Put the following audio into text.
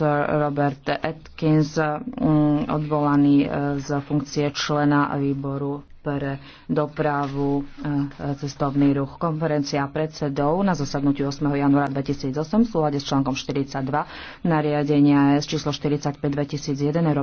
Robert Atkins mm, odvolaný e, z funkcie člena výboru pre dopravu e, cestovný ruch. Konferencia predsedov na zasadnutí 8. januára 2008 v súlade s článkom 42 nariadenia S číslo 45 2001